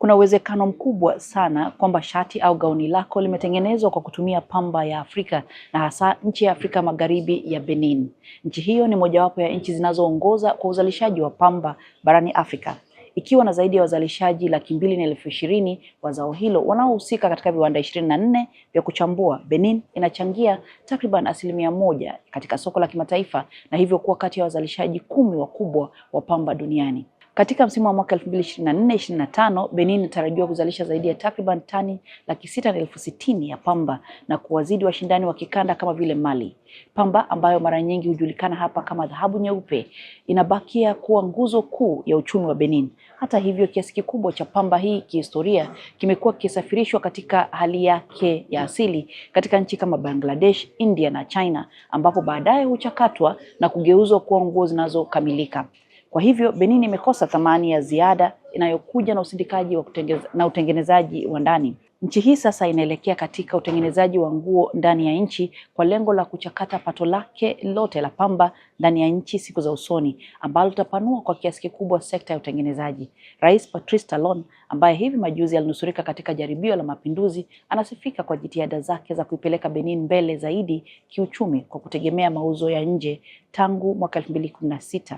kuna uwezekano mkubwa sana kwamba shati au gauni lako limetengenezwa kwa kutumia pamba ya Afrika na hasa nchi ya Afrika Magharibi ya Benin. Nchi hiyo ni mojawapo ya nchi zinazoongoza kwa uzalishaji wa pamba barani Afrika ikiwa na zaidi ya wazalishaji laki mbili na elfu ishirini wa zao hilo wanaohusika katika viwanda ishirini na nne vya kuchambua. Benin inachangia takriban asilimia moja katika soko la kimataifa na hivyo kuwa kati ya wazalishaji kumi wakubwa wa pamba duniani. Katika msimu wa mwaka 2024-2025 Benin inatarajiwa kuzalisha zaidi ya takriban tani laki sita na elfu sitini ya pamba na kuwazidi washindani wa kikanda kama vile Mali. Pamba ambayo mara nyingi hujulikana hapa kama dhahabu nyeupe inabakia kuwa nguzo kuu ya uchumi wa Benin. Hata hivyo, kiasi kikubwa cha pamba hii kihistoria kimekuwa kikisafirishwa katika hali yake ya asili katika nchi kama Bangladesh, India na China ambapo baadaye huchakatwa na kugeuzwa kuwa nguo zinazokamilika. Kwa hivyo Benin imekosa thamani ya ziada inayokuja na usindikaji wa kutengeza, na utengenezaji wa ndani. Nchi hii sasa inaelekea katika utengenezaji wa nguo ndani ya nchi kwa lengo la kuchakata pato lake lote la pamba ndani ya nchi siku za usoni, ambalo litapanua kwa kiasi kikubwa sekta ya utengenezaji. Rais Patrice Talon, ambaye hivi majuzi alinusurika katika jaribio la mapinduzi, anasifika kwa jitihada zake za kuipeleka Benin mbele zaidi kiuchumi kwa kutegemea mauzo ya nje tangu mwaka 2016.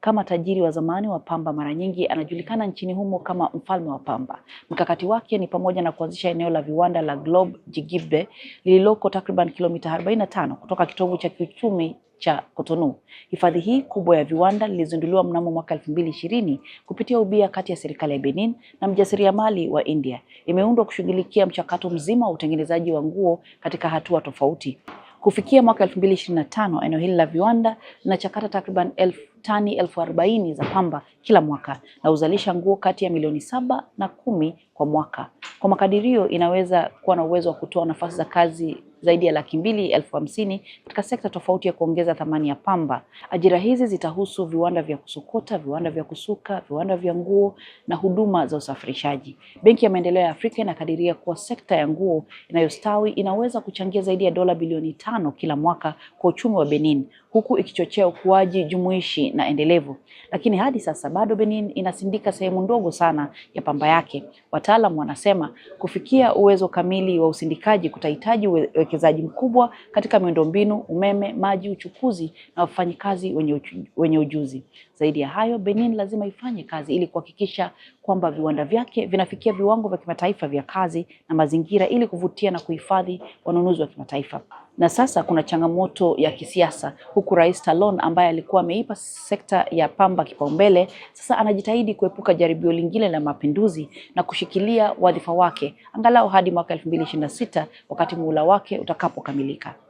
Kama tajiri wa zamani wa pamba, mara nyingi anajulikana nchini humo kama mfalme wa pamba. Mkakati wake ni pamoja na kuanzisha eneo la viwanda la Globe Jigibe lililoko takriban kilomita 45 kutoka kitovu cha kiuchumi cha Cotonou. Hifadhi hii kubwa ya viwanda lilizinduliwa mnamo mwaka 2020 kupitia ubia kati ya serikali ya Benin na mjasiriamali wa India. Imeundwa kushughulikia mchakato mzima wa utengenezaji wa nguo katika hatua tofauti. Kufikia mwaka 2025, eneo hili la viwanda linachakata takriban elfu tani elfu arobaini za pamba kila mwaka na huzalisha nguo kati ya milioni saba na kumi kwa mwaka. Kwa makadirio, inaweza kuwa na uwezo wa kutoa nafasi za kazi zaidi ya laki mbili elfu hamsini katika sekta tofauti ya kuongeza thamani ya pamba. Ajira hizi zitahusu viwanda vya kusokota, viwanda vya kusuka, viwanda vya nguo na huduma za usafirishaji. Benki ya Maendeleo ya Afrika inakadiria kuwa sekta ya nguo inayostawi inaweza kuchangia zaidi ya dola bilioni tano kila mwaka kwa uchumi wa Benin, huku ikichochea ukuaji jumuishi na endelevu. Lakini hadi sasa bado Benin inasindika sehemu ndogo sana ya pamba yake. Wata wataalamu wanasema kufikia uwezo kamili wa usindikaji kutahitaji uwekezaji mkubwa katika miundombinu, umeme, maji, uchukuzi na wafanyikazi wenye, wenye ujuzi. Zaidi ya hayo, Benin lazima ifanye kazi ili kuhakikisha kwamba viwanda vyake vinafikia viwango vya kimataifa vya kazi na mazingira ili kuvutia na kuhifadhi wanunuzi wa kimataifa na sasa kuna changamoto ya kisiasa, huku Rais Talon ambaye alikuwa ameipa sekta ya pamba kipaumbele, sasa anajitahidi kuepuka jaribio lingine la mapinduzi na kushikilia wadhifa wake angalau hadi mwaka 2026 wakati muhula wake utakapokamilika.